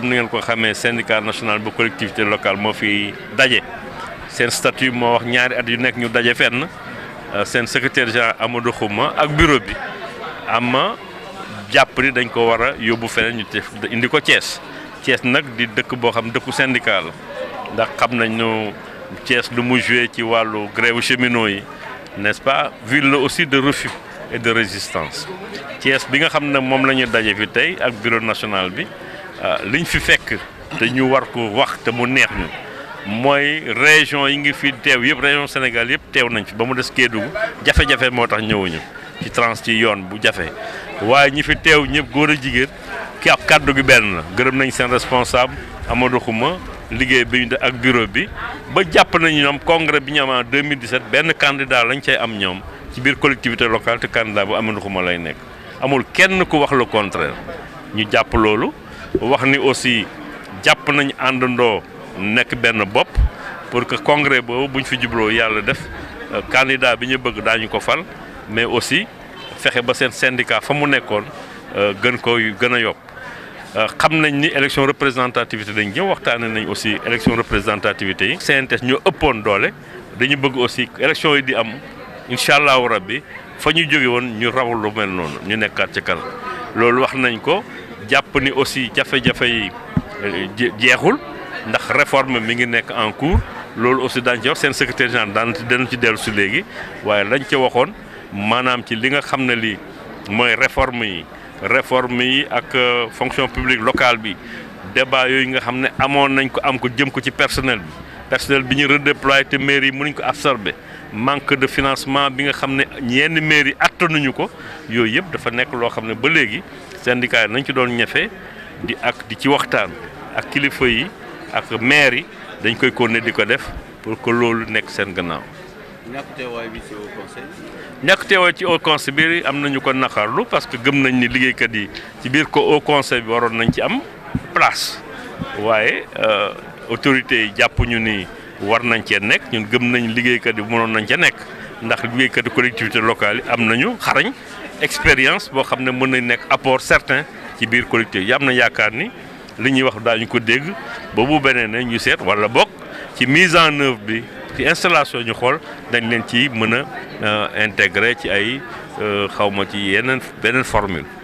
comme ni ngeen ko xamee syndicat national bu collectivité locale moo fi daje seen statut moo wax ñaari at yu nekk ñu daje fenn euh, seen secrétaire général Amadou Xuma ak bureau bi ama jàpp ni dañ ko war a yóbbu feneen ñu def indi ko Thiès Thiès nag di dëkk boo xam dëkku syndicat la ndax xam nañu Thiès lu mu joué ci wàllu grève cheminot yi n'est-ce pas ville la aussi de refus et de résistance Thiès bi nga xam ne moom la ñu daje fi tey ak bureau national bi Euh, liñ fi fekk te ñu war ko wax te mu neex ñu mooy région yi ngi fi teew yëpp région Sénégal yëpp teew nañ fi ba mu des Kédougou jafe-jafe moo tax ñëwuñu ci trans ci yoon bu jafe waaye ñi fi teew ñëpp góor a jigéen ki ab kàddu gi benn la gërëm nañ seen responsable Amadou liggéey bi ñu def ak bureau bi ba jàpp nañu ñoom congrès bi ñu am en 2017 benn candidat lañ cay am ñoom ci biir collectivité locale te candidat bu Amadou lay nekk amul kenn ku wax le contraire ñu jàpp loolu wax ni aussi jàpp nañ àndandoo nekk benn bopp pour que congrès boobu bu ñu fi jubloo yàlla def euh, candidat bi ñu bëgg daañu ko fal mais aussi fexe ba seen syndicat fa mu nekkoon euh, gën koy gën a yokk euh, xam nañ ni élection représentativité dañ ñëw waxtaanee nañ aussi élection représentativité yi. CNTS ñoo ëppoon doole dañu bëgg aussi élection yi di am incha rab bi fa ñu jóge woon ñu rawal lu mel noonu ñu nekkaat ci kanam loolu wax nañ ko. jàpp ni aussi jafe-jafe yi euh, jeexul ndax réforme mi ngi nekk en cours loolu aussi daañu ci wax seen secrétaire général daan danu ci dellu si léegi waaye lañ ca waxoon maanaam ci li nga xam ne lii mooy réforme yi réforme yi ak euh, fonction publique locale bi débat yooyu nga xam ne amoon nañ ko am ko jëm ko ci personnel bi personnel bi ñu redéployé te mairie yi mënuñ ko absorbé manque de financement bi nga xam ne yenn mairie yi attanuñu ko yooyu yëpp dafa nekk loo xam ne ba léegi syndicat yi nañ ci doon ñafe di ak di ci waxtaan ak kilifa yi ak maire yi dañ koy kone di ko def pour que loolu nekk seen gannaaw. ñàkk teewaay bi ci au conseil. ñàkk teewaay ci au conseil am nañu ko naqarlu parce que gëm nañ ni liggéeykat yi ci biir ko au conseil bi waroon nañ ci am place waaye euh, autorités yi jàpp ñu ni war nañ cee nekk ñun gëm nañ liggéeykat yi mënoon nañ ca nekk ndax liggéeykat yi collectivité locale yi am nañu xarañ. expérience boo xam ne mën nañ nekk apport certain ci biir collectivité yi am na yaakaar ni li ñuy wax daañu ko dégg boobu beneen ne ñu seet wala bokk ci mise en œuvre bi ci installation ñu xool dañ leen ci mën a euh, intégrer ci ay euh, xawma ci yeneen beneen formule